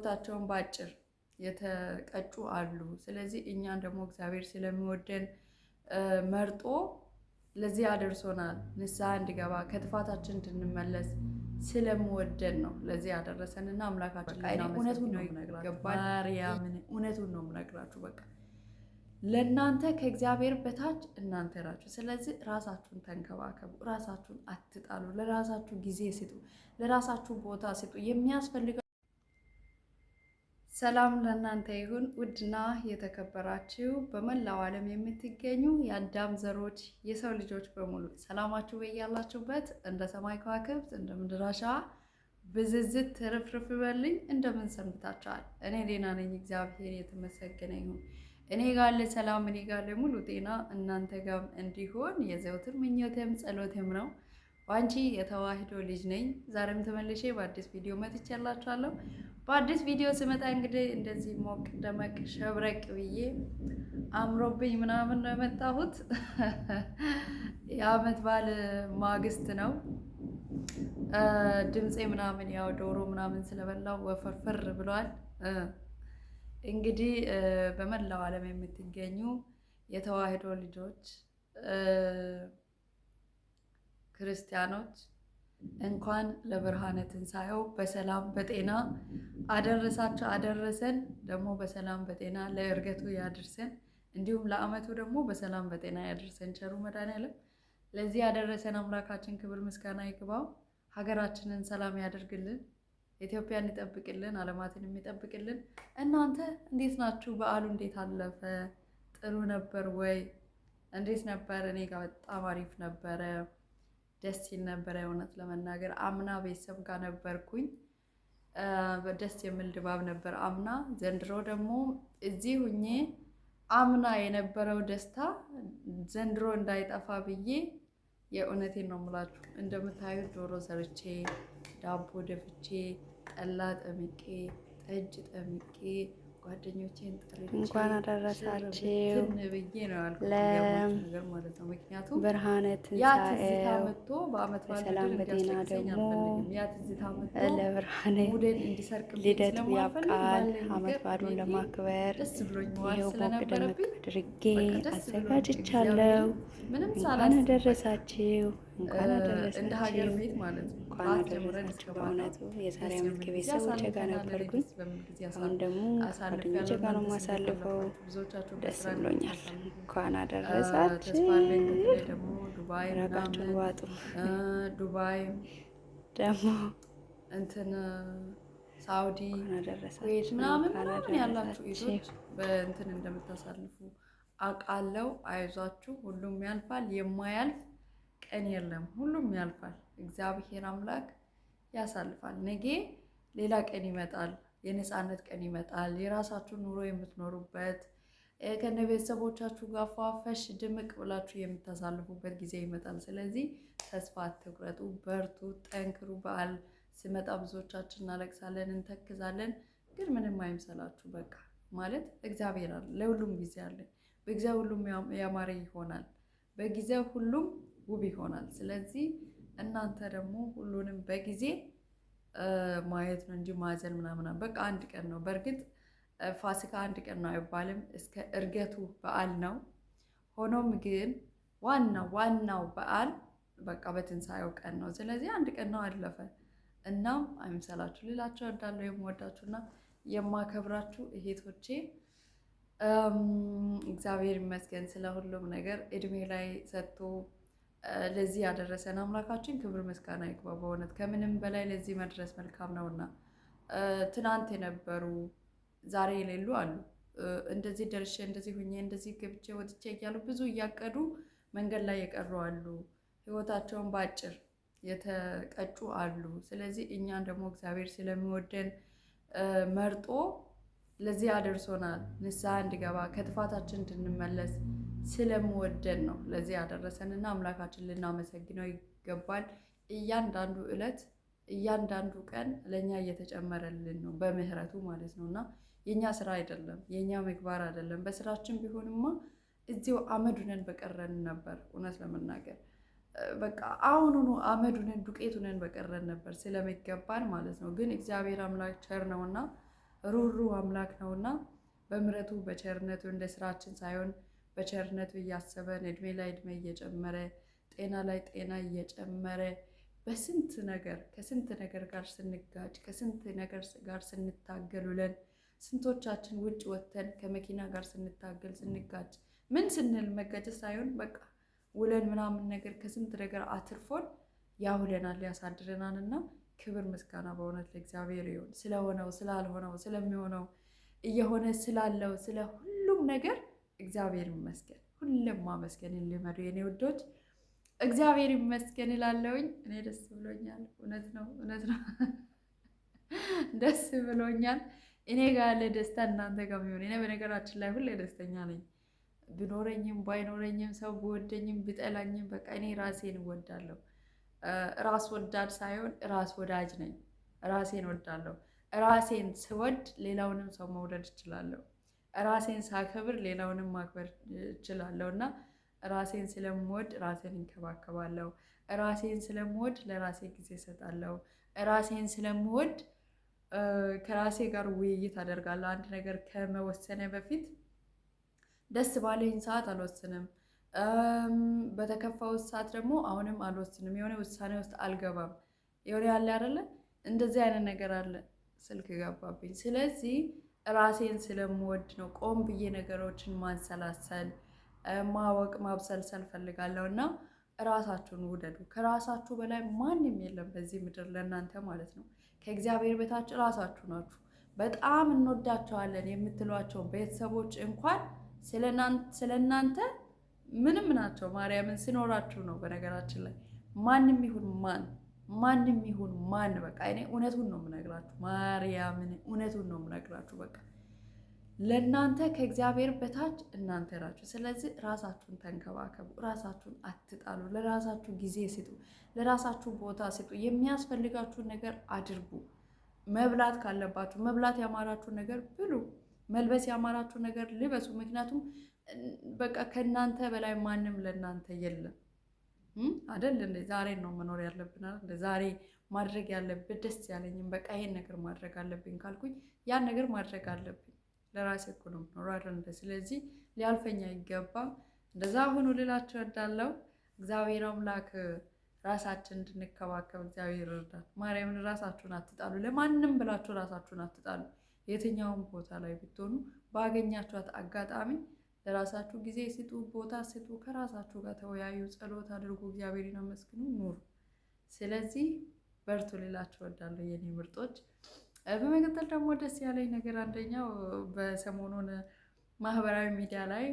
ቦታቸውን በአጭር የተቀጩ አሉ። ስለዚህ እኛን ደግሞ እግዚአብሔር ስለሚወደን መርጦ ለዚህ አደርሶናል። ንስሐ እንዲገባ ከጥፋታችን እንድንመለስ ስለምወደን ነው ለዚህ ያደረሰን እና አምላካችን እውነቱን ነው የምነግራችሁ። በቃ ለእናንተ ከእግዚአብሔር በታች እናንተ ናችሁ። ስለዚህ ራሳችሁን ተንከባከቡ፣ ራሳችሁን አትጣሉ፣ ለራሳችሁ ጊዜ ስጡ፣ ለራሳችሁ ቦታ ስጡ የሚያስፈልገው ሰላም ለእናንተ ይሁን። ውድና የተከበራችሁ በመላው ዓለም የምትገኙ የአዳም ዘሮች የሰው ልጆች በሙሉ ሰላማችሁ በያላችሁበት እንደ ሰማይ ከዋክብት እንደ ምድር አሸዋ ብዝዝት ትርፍርፍ በልኝ። እንደምን ሰንብታችኋል? እኔ ሌና ነኝ። እግዚአብሔር የተመሰገነ ይሁን። እኔ ጋለ ሰላም እኔ ጋለ ሙሉ ጤና እናንተ ጋም እንዲሆን የዘውትር ምኞቴም ጸሎቴም ነው። ባንቺ የተዋህዶ ልጅ ነኝ። ዛሬም ተመልሼ በአዲስ ቪዲዮ መጥቻላችኋለሁ። በአዲስ ቪዲዮ ስመጣ እንግዲህ እንደዚህ ሞቅ ደመቅ ሸብረቅ ብዬ አምሮብኝ ምናምን ነው የመጣሁት። የአመት በዓል ማግስት ነው። ድምፄ ምናምን ያው ዶሮ ምናምን ስለበላው ወፈርፈር ብሏል። እንግዲህ በመላው ዓለም የምትገኙ የተዋህዶ ልጆች ክርስቲያኖች እንኳን ለብርሃነ ትንሣኤው በሰላም በጤና አደረሳቸው አደረሰን። ደግሞ በሰላም በጤና ለእርገቱ ያድርሰን። እንዲሁም ለዓመቱ ደግሞ በሰላም በጤና ያድርሰን። ቸሩ መድኃኔዓለም ለዚህ ያደረሰን አምላካችን ክብር ምስጋና ይግባው። ሀገራችንን ሰላም ያደርግልን፣ ኢትዮጵያን ይጠብቅልን፣ ዓለማትን የሚጠብቅልን። እናንተ እንዴት ናችሁ? በዓሉ እንዴት አለፈ? ጥሩ ነበር ወይ? እንዴት ነበር? እኔ ጋር በጣም አሪፍ ነበረ። ደስ ሲል ነበረ። የእውነት ለመናገር አምና ቤተሰብ ጋር ነበርኩኝ። ደስ የሚል ድባብ ነበር አምና። ዘንድሮ ደግሞ እዚህ ሁኜ አምና የነበረው ደስታ ዘንድሮ እንዳይጠፋ ብዬ የእውነቴን ነው የምላችሁ። እንደምታዩት ዶሮ ሰርቼ፣ ዳቦ ደፍቼ፣ ጠላ ጠምቄ፣ ጠጅ ጠምቄ ጓደኞቼን ጠርቼ እንኳን አደረሳችሁ ለብርሃነ ትንሣኤው በሰላም በጤና ደግሞ ለብርሃነ ልደቱ ያብቃል። አመት በዓሉን ለማክበር ይኸው ሞቅ ደመቅ አድርጌ አዘጋጅቻለሁ። እንኳን አደረሳችሁ። እንደ ሀገር ቤት ማለት ነው። በእውነቱ የዛሬ ነበርኩኝ። አሁን ደግሞ ነው የማሳልፈው። ደስ ብሎኛል። እንኳን አደረሳችሁ። ዋጡ። ዱባይ ደግሞ እንትን ሳውዲ ምናምን ምናምን ያላችሁ ይዞች በእንትን እንደምታሳልፉ አውቃለሁ። አይዟችሁ፣ ሁሉም ያልፋል። የማያልፍ ቀን የለም፣ ሁሉም ያልፋል። እግዚአብሔር አምላክ ያሳልፋል። ነገ ሌላ ቀን ይመጣል። የነፃነት ቀን ይመጣል። የራሳችሁን ኑሮ የምትኖሩበት ከነ ቤተሰቦቻችሁ ጋር ፏፈሽ ድምቅ ብላችሁ የምታሳልፉበት ጊዜ ይመጣል። ስለዚህ ተስፋ አትቁረጡ፣ በርቱ፣ ጠንክሩ። በዓል ሲመጣ ብዙዎቻችን እናለቅሳለን፣ እንተክዛለን። ግን ምንም አይምሰላችሁ። በቃ ማለት እግዚአብሔር አለ፣ ለሁሉም ጊዜ አለ። በጊዜ ሁሉም ያማረ ይሆናል። በጊዜ ሁሉም ውብ ይሆናል። ስለዚህ እናንተ ደግሞ ሁሉንም በጊዜ ማየት ነው እንጂ ማዘን ምናምና በቃ አንድ ቀን ነው። በእርግጥ ፋሲካ አንድ ቀን ነው አይባልም፣ እስከ እርገቱ በዓል ነው። ሆኖም ግን ዋና ዋናው በዓል በቃ በትንሳኤው ቀን ነው። ስለዚህ አንድ ቀን ነው አለፈ። እናም አይምሰላችሁ ልላችሁ እወዳለሁ። የምወዳችሁና የማከብራችሁ እህቶቼ እግዚአብሔር ይመስገን ስለ ሁሉም ነገር እድሜ ላይ ሰጥቶ ለዚህ ያደረሰን አምላካችን ክብር ምስጋና ይግባ። በእውነት ከምንም በላይ ለዚህ መድረስ መልካም ነውና ትናንት የነበሩ ዛሬ የሌሉ አሉ። እንደዚህ ደርሼ እንደዚህ ሁኜ እንደዚህ ገብቼ ወጥቼ እያሉ ብዙ እያቀዱ መንገድ ላይ የቀሩ አሉ። ህይወታቸውን በአጭር የተቀጩ አሉ። ስለዚህ እኛን ደግሞ እግዚአብሔር ስለሚወደን መርጦ ለዚህ አደርሶናል። ንስሐ እንድገባ ከጥፋታችን እንድንመለስ ስለመወደድ ነው ለዚህ ያደረሰንና አምላካችን ልናመሰግነው ይገባል። እያንዳንዱ ዕለት እያንዳንዱ ቀን ለእኛ እየተጨመረልን ነው በምህረቱ ማለት ነው። እና የእኛ ስራ አይደለም የእኛ ምግባር አይደለም። በስራችን ቢሆንማ እዚው አመዱነን በቀረን ነበር። እውነት ለመናገር በቃ አሁኑኑ አመዱነን ዱቄቱነን በቀረን ነበር ስለሚገባን ማለት ነው። ግን እግዚአብሔር አምላክ ቸር ነውና ሩሩ አምላክ ነውና በምህረቱ በቸርነቱ እንደ ስራችን ሳይሆን በቸርነቱ እያሰበን እድሜ ላይ እድሜ እየጨመረ ጤና ላይ ጤና እየጨመረ በስንት ነገር ከስንት ነገር ጋር ስንጋጭ ከስንት ነገር ጋር ስንታገል ውለን ስንቶቻችን ውጭ ወጥተን ከመኪና ጋር ስንታገል ስንጋጭ ምን ስንል መጋጨት ሳይሆን በቃ ውለን ምናምን ነገር ከስንት ነገር አትርፎን ያውለናል ያሳድረናል። እና ክብር ምስጋና በእውነት ለእግዚአብሔር ይሁን። ስለሆነው ስላልሆነው፣ ስለሚሆነው፣ እየሆነ ስላለው ስለ ሁሉም ነገር እግዚአብሔር ይመስገን። ሁሌም ማመስገን ልመዱ የኔ ውዶች፣ እግዚአብሔር ይመስገን እላለሁኝ። እኔ ደስ ብሎኛል። እውነት ነው፣ እውነት ነው፣ ደስ ብሎኛል። እኔ ጋር ያለ ደስታ እናንተ ጋር የሚሆን እኔ በነገራችን ላይ ሁሌ ደስተኛ ነኝ። ብኖረኝም ባይኖረኝም ሰው ብወደኝም ብጠላኝም በቃ እኔ ራሴን እወዳለሁ። ራስ ወዳድ ሳይሆን ራስ ወዳጅ ነኝ። ራሴን ወዳለሁ። ራሴን ስወድ ሌላውንም ሰው መውደድ እችላለሁ። ራሴን ሳከብር ሌላውንም ማክበር እችላለሁ እና ራሴን ስለምወድ ራሴን እንከባከባለሁ። ራሴን ስለምወድ ለራሴ ጊዜ እሰጣለሁ። ራሴን ስለምወድ ከራሴ ጋር ውይይት አደርጋለሁ። አንድ ነገር ከመወሰነ በፊት ደስ ባለኝ ሰዓት አልወስንም፣ በተከፋው ሰዓት ደግሞ አሁንም አልወስንም። የሆነ ውሳኔ ውስጥ አልገባም። የሆነ ያለ አይደለ እንደዚህ አይነት ነገር አለ። ስልክ ገባብኝ። ስለዚህ ራሴን ስለምወድ ነው ቆም ብዬ ነገሮችን ማንሰላሰል ማወቅ ማብሰልሰል ፈልጋለሁ እና ራሳችሁን ውደዱ። ከራሳችሁ በላይ ማንም የለም በዚህ ምድር ለእናንተ ማለት ነው። ከእግዚአብሔር በታች ራሳችሁ ናችሁ። በጣም እንወዳቸዋለን የምትሏቸው ቤተሰቦች እንኳን ስለ እናንተ ምንም ናቸው። ማርያምን ስኖራችሁ ነው። በነገራችን ላይ ማንም ይሁን ማን ማንም ይሁን ማን በቃ እኔ እውነቱን ነው የምነግራችሁ፣ ማርያምን እውነቱን ነው የምነግራችሁ። በቃ ለእናንተ ከእግዚአብሔር በታች እናንተ ናችሁ። ስለዚህ ራሳችሁን ተንከባከቡ፣ ራሳችሁን አትጣሉ፣ ለራሳችሁ ጊዜ ስጡ፣ ለራሳችሁ ቦታ ስጡ፣ የሚያስፈልጋችሁን ነገር አድርጉ። መብላት ካለባችሁ መብላት ያማራችሁን ነገር ብሉ፣ መልበስ ያማራችሁን ነገር ልበሱ። ምክንያቱም በቃ ከእናንተ በላይ ማንም ለእናንተ የለም። አደል እንደ ዛሬ ነው መኖር ያለብን እንደ ዛሬ ማድረግ ያለብን ደስ ያለኝም በቃ ይሄን ነገር ማድረግ አለብኝ ካልኩኝ ያን ነገር ማድረግ አለብኝ። ለራሴ እኮ ነው የምኖረው አይደል ስለዚህ ሊያልፈኝ አይገባም። እንደዛ ሆኖ ልላችሁ እወዳለሁ። እግዚአብሔር አምላክ ራሳችን እንድንከባከብ እግዚአብሔር ይርዳል። ማርያምን ራሳችሁን አትጣሉ፣ ለማንም ብላችሁ ራሳችሁን አትጣሉ። የትኛውም ቦታ ላይ ብትሆኑ ባገኛችኋት አጋጣሚ ለራሳችሁ ጊዜ ስጡ፣ ቦታ ስጡ፣ ከራሳችሁ ጋር ተወያዩ፣ ጸሎት አድርጉ፣ እግዚአብሔር ይመስግኑ ኑሩ። ስለዚህ በርቱ ልላችሁ እወዳለሁ የኔ ምርጦች። በመቀጠል ደግሞ ደስ ያለኝ ነገር አንደኛው በሰሞኑን ማህበራዊ ሚዲያ ላይ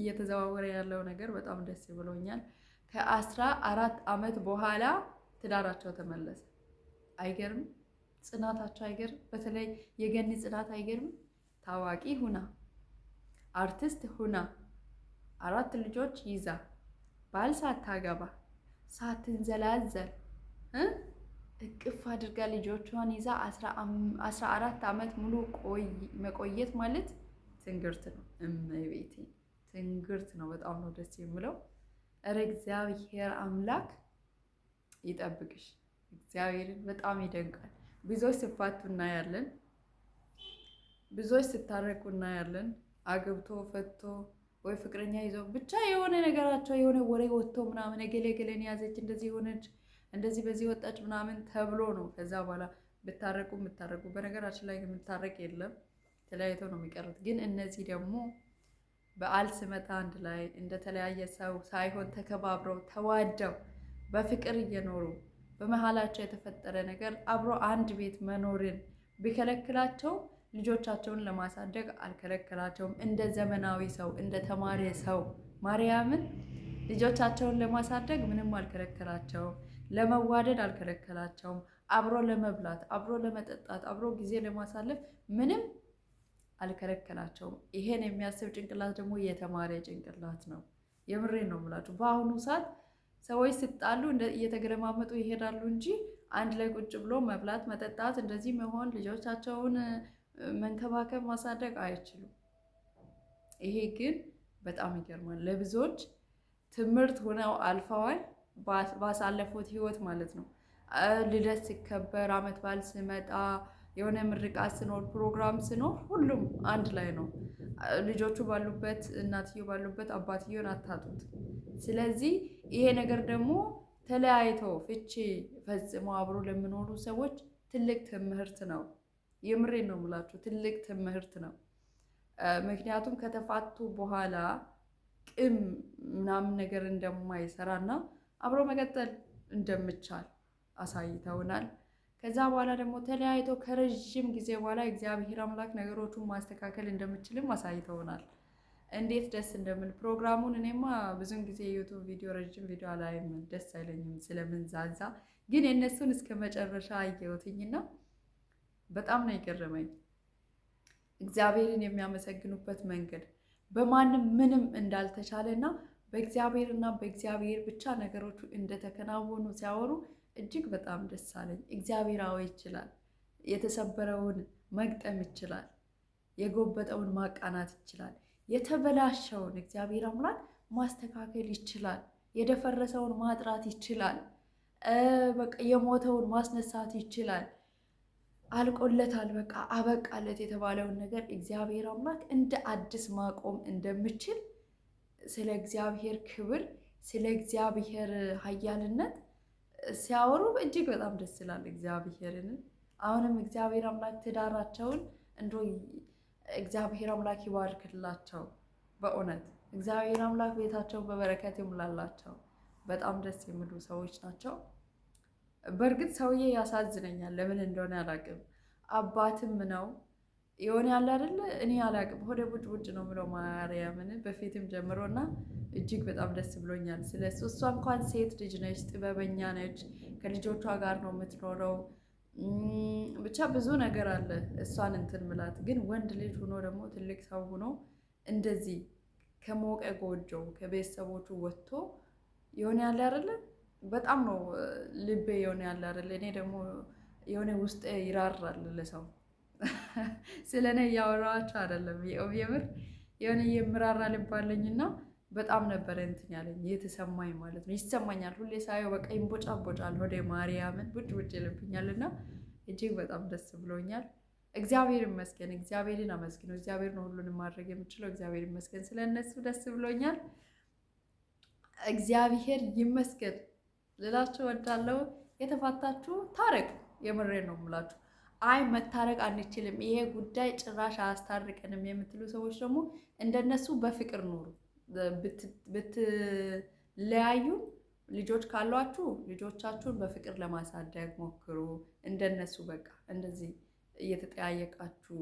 እየተዘዋወረ ያለው ነገር በጣም ደስ ብሎኛል። ከአስራ አራት ዓመት በኋላ ትዳራቸው ተመለሰ። አይገርም? ጽናታቸው አይገርም? በተለይ የገኒ ጽናት አይገርም? ታዋቂ ሁና አርቲስት ሁና አራት ልጆች ይዛ ባል ሳታገባ ሳትንዘላዘል እቅፍ አድርጋ ልጆቿን ይዛ አስራ አራት ዓመት ሙሉ መቆየት ማለት ትንግርት ነው። እመቤቴ ትንግርት ነው። በጣም ነው ደስ የምለው። እረ እግዚአብሔር አምላክ ይጠብቅሽ። እግዚአብሔርን በጣም ይደንቃል። ብዙዎች ስፋቱ እናያለን። ብዙዎች ስታረቁ እናያለን። አግብቶ ፈቶ ወይ ፍቅረኛ ይዞ ብቻ የሆነ ነገራቸው የሆነ ወሬ ወጥቶ ምናምን እገሌ እገሌን ያዘች እንደዚህ የሆነች እንደዚህ በዚህ ወጣች ምናምን ተብሎ ነው። ከዛ በኋላ ብታረቁ ብታረቁ፣ በነገራችን ላይ የምታረቅ የለም ተለያይተው ነው የሚቀሩት። ግን እነዚህ ደግሞ በዓል ስመጣ አንድ ላይ እንደተለያየ ሰው ሳይሆን ተከባብረው ተዋደው በፍቅር እየኖሩ በመሀላቸው የተፈጠረ ነገር አብሮ አንድ ቤት መኖርን ቢከለክላቸው ልጆቻቸውን ለማሳደግ አልከለከላቸውም። እንደ ዘመናዊ ሰው እንደ ተማሪ ሰው ማርያምን ልጆቻቸውን ለማሳደግ ምንም አልከለከላቸውም። ለመዋደድ አልከለከላቸውም። አብሮ ለመብላት፣ አብሮ ለመጠጣት፣ አብሮ ጊዜ ለማሳለፍ ምንም አልከለከላቸውም። ይሄን የሚያስብ ጭንቅላት ደግሞ የተማረ ጭንቅላት ነው። የምሬ ነው የምላችሁ። በአሁኑ ሰዓት ሰዎች ስጣሉ እየተገለማመጡ ይሄዳሉ እንጂ አንድ ላይ ቁጭ ብሎ መብላት፣ መጠጣት፣ እንደዚህ መሆን ልጆቻቸውን መንከባከብ ማሳደግ አይችሉም። ይሄ ግን በጣም ይገርማል። ለብዙዎች ትምህርት ሆነው አልፈዋል ባሳለፉት ህይወት ማለት ነው። ልደት ሲከበር፣ አመት በዓል ሲመጣ፣ የሆነ ምርቃት ሲኖር፣ ፕሮግራም ሲኖር ሁሉም አንድ ላይ ነው። ልጆቹ ባሉበት፣ እናትዮ ባሉበት አባትዮን አታጡት። ስለዚህ ይሄ ነገር ደግሞ ተለያይተው ፍቺ ፈጽሞ አብሮ ለሚኖሩ ሰዎች ትልቅ ትምህርት ነው። የምሬ ነው የምላችሁ ትልቅ ትምህርት ነው። ምክንያቱም ከተፋቱ በኋላ ቅም ምናምን ነገር እንደማይሰራ እና አብሮ መቀጠል እንደምቻል አሳይተውናል። ከዛ በኋላ ደግሞ ተለያይቶ ከረዥም ጊዜ በኋላ እግዚአብሔር አምላክ ነገሮቹን ማስተካከል እንደምችልም አሳይተውናል። እንዴት ደስ እንደምል ፕሮግራሙን እኔማ ብዙን ጊዜ ዩቱብ ቪዲዮ ረዥም ቪዲዮ አላይም፣ ደስ አይለኝም ስለምንዛዛ። ግን የእነሱን እስከ መጨረሻ አየሁትኝና በጣም ነው የገረመኝ። እግዚአብሔርን የሚያመሰግኑበት መንገድ በማንም ምንም እንዳልተቻለ እና በእግዚአብሔር እና በእግዚአብሔር ብቻ ነገሮቹ እንደተከናወኑ ሲያወሩ እጅግ በጣም ደስ አለኝ። እግዚአብሔራዊ ይችላል። የተሰበረውን መግጠም ይችላል። የጎበጠውን ማቃናት ይችላል። የተበላሸውን እግዚአብሔር አምላክ ማስተካከል ይችላል። የደፈረሰውን ማጥራት ይችላል። በቃ የሞተውን ማስነሳት ይችላል። አልቆለታል በቃ አበቃለት የተባለውን ነገር እግዚአብሔር አምላክ እንደ አዲስ ማቆም እንደምችል ስለ እግዚአብሔር ክብር፣ ስለ እግዚአብሔር ኃያልነት ሲያወሩ እጅግ በጣም ደስ ይላል። እግዚአብሔርን አሁንም እግዚአብሔር አምላክ ትዳራቸውን እንዶ እግዚአብሔር አምላክ ይባርክላቸው። በእውነት እግዚአብሔር አምላክ ቤታቸውን በበረከት ይሙላላቸው። በጣም ደስ የሚሉ ሰዎች ናቸው። በእርግጥ ሰውዬ ያሳዝነኛል። ለምን እንደሆነ አላውቅም። አባትም ነው የሆነ ያለ አይደለ እኔ አላውቅም። ሆደ ቡጭ ቡጭ ነው ብለው ማርያምን በፊትም ጀምሮ እና እጅግ በጣም ደስ ብሎኛል ስለ እሱ። እሷ እንኳን ሴት ልጅ ነች፣ ጥበበኛ ነች፣ ከልጆቿ ጋር ነው የምትኖረው። ብቻ ብዙ ነገር አለ እሷን እንትን ምላት። ግን ወንድ ልጅ ሆኖ ደግሞ ትልቅ ሰው ሆኖ እንደዚህ ከሞቀ ጎጆው ከቤተሰቦቹ ወጥቶ የሆነ ያለ አይደለም በጣም ነው ልቤ የሆነ ያለ አይደል? እኔ ደግሞ የሆነ ውስጥ ይራራል ለሰው ስለ እኔ እያወራኋቸው አይደለም፣ የምር የሆነ የምራራ ልብ እና በጣም ነበረ እንትን ያለኝ የተሰማኝ ማለት ነው። ይሰማኛል ሁሌ ሳየው በቃ ቦጫል ወደ ማርያምን ውጭ ውጭ ይልብኛል እና እጅግ በጣም ደስ ብሎኛል። እግዚአብሔር ይመስገን፣ እግዚአብሔርን አመስግነው። እግዚአብሔር ነው ሁሉንም ማድረግ የምችለው። እግዚአብሔር ይመስገን፣ ስለ እነሱ ደስ ብሎኛል። እግዚአብሔር ይመስገን። ልላችሁ እወዳለሁ። የተፋታችሁ ታረቁ። የምሬ ነው የምላችሁ። አይ መታረቅ አንችልም፣ ይሄ ጉዳይ ጭራሽ አያስታርቀንም የምትሉ ሰዎች ደግሞ እንደነሱ በፍቅር ኑሩ። ብትለያዩ ልጆች ካሏችሁ ልጆቻችሁን በፍቅር ለማሳደግ ሞክሩ። እንደነሱ በቃ እንደዚህ እየተጠያየቃችሁ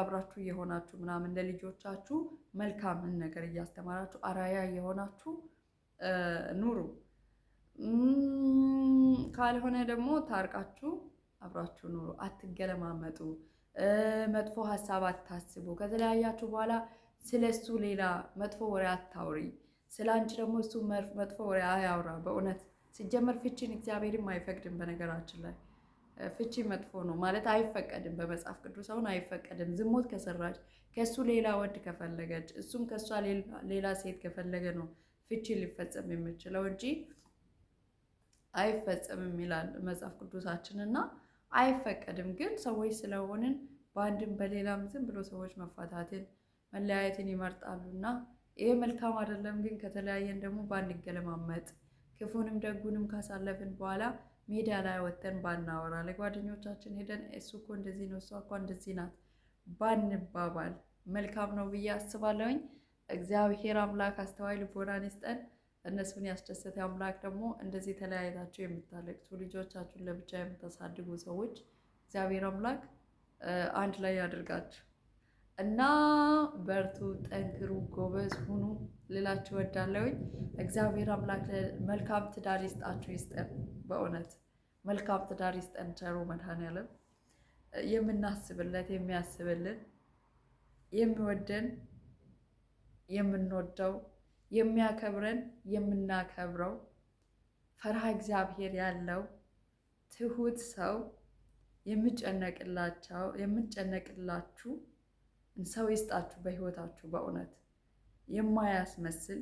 አብራችሁ እየሆናችሁ ምናምን ለልጆቻችሁ መልካምን ነገር እያስተማራችሁ አራያ እየሆናችሁ ኑሩ። ካልሆነ ደግሞ ታርቃችሁ አብራችሁ ኑሩ። አትገለማመጡ። መጥፎ ሀሳብ አታስቡ። ከተለያያችሁ በኋላ ስለ እሱ ሌላ መጥፎ ወሬ አታውሪ። ስለ አንቺ ደግሞ እሱ መጥፎ ወሬ አያውራ። በእውነት ሲጀመር ፍቺን እግዚአብሔርም አይፈቅድም። በነገራችን ላይ ፍቺ መጥፎ ነው ማለት አይፈቀድም። በመጽሐፍ ቅዱስ አሁን አይፈቀድም። ዝሙት ከሰራች ከእሱ ሌላ ወድ ከፈለገች፣ እሱም ከእሷ ሌላ ሴት ከፈለገ ነው ፍቺ ሊፈጸም የምችለው እንጂ አይፈጸምም ይላል መጽሐፍ ቅዱሳችን እና አይፈቀድም። ግን ሰዎች ስለሆንን በአንድም በሌላም ዝም ብሎ ሰዎች መፋታትን መለያየትን ይመርጣሉ እና ይሄ መልካም አይደለም። ግን ከተለያየን ደግሞ ባንገለማመጥ፣ ክፉንም ደጉንም ካሳለፍን በኋላ ሜዳ ላይ ወጥተን ባናወራ፣ ለጓደኞቻችን ሄደን እሱ እኮ እንደዚህ ነው እሷ እኮ እንደዚህ ናት ባንባባል መልካም ነው ብዬ አስባለሁኝ። እግዚአብሔር አምላክ አስተዋይ ልቦናን ይስጠን። እነሱን ያስደሰተ አምላክ ደግሞ እንደዚህ ተለያይታችሁ የምታለቅሱ ልጆቻችሁን ለብቻ የምታሳድጉ ሰዎች እግዚአብሔር አምላክ አንድ ላይ ያደርጋችሁ እና በርቱ፣ ጠንክሩ፣ ጎበዝ ሁኑ ልላችሁ ወዳለሁኝ። እግዚአብሔር አምላክ መልካም ትዳር ይስጣችሁ፣ ይስጠን። በእውነት መልካም ትዳር ይስጠን። ቸሩ መድኃኔዓለም የምናስብለት የሚያስብልን የሚወደን የምንወደው የሚያከብረን የምናከብረው ፈርሃ እግዚአብሔር ያለው ትሁት ሰው የምጨነቅላቸው የምጨነቅላችሁ ሰው ይስጣችሁ በህይወታችሁ በእውነት የማያስመስል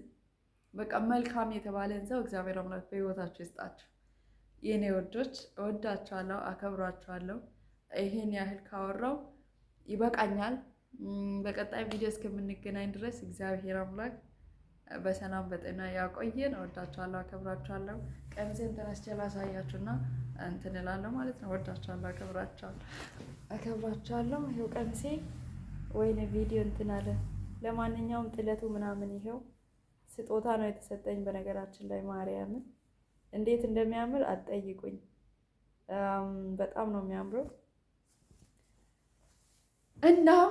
በቃ መልካም የተባለን ሰው እግዚአብሔር አምላክ በህይወታችሁ ይስጣችሁ። የኔ ወዶች እወዳችኋለሁ፣ አከብሯችኋለሁ። ይሄን ያህል ካወራው ይበቃኛል። በቀጣይ ቪዲዮ እስከምንገናኝ ድረስ እግዚአብሔር አምላክ በሰላም በጤና ያቆየን። እወዳችኋለሁ፣ አከብራችኋለሁ። ቀሚሴን ተነስቼ ላሳያችሁና እንትን እላለሁ ማለት ነው። እወዳችኋለሁ፣ አከብራችኋለሁ፣ አከብራችኋለሁ። ይኸው ቀሚሴ ወይኔ ቪዲዮ እንትን አለ። ለማንኛውም ጥለቱ ምናምን ይኸው ስጦታ ነው የተሰጠኝ። በነገራችን ላይ ማርያምን እንዴት እንደሚያምር አትጠይቁኝ። በጣም ነው የሚያምረው። እናም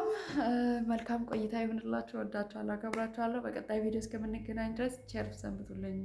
መልካም ቆይታ ይሁንላችሁ። ወዳችኋለሁ፣ አከብራችኋለሁ። በቀጣይ ቪዲዮ እስከምንገናኝ ድረስ ቸር ሰንብቱልኝ።